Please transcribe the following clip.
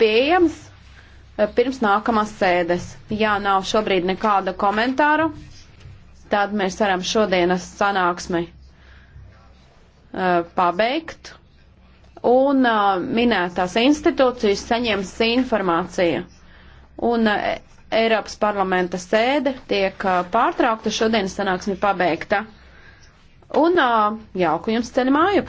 pieejams eh, pirms nākamās sēdes. Ja nav šobrīd nekāda komentāra, tad mēs varam šodienas sanāksmi uh, pabeigt. Un uh, minētās institūcijas saņems informāciju. Un uh, Eiropas parlamenta sēde tiek pārtraukta, šodienas sanāksme pabeigta. Un jauku jums ceļu māju!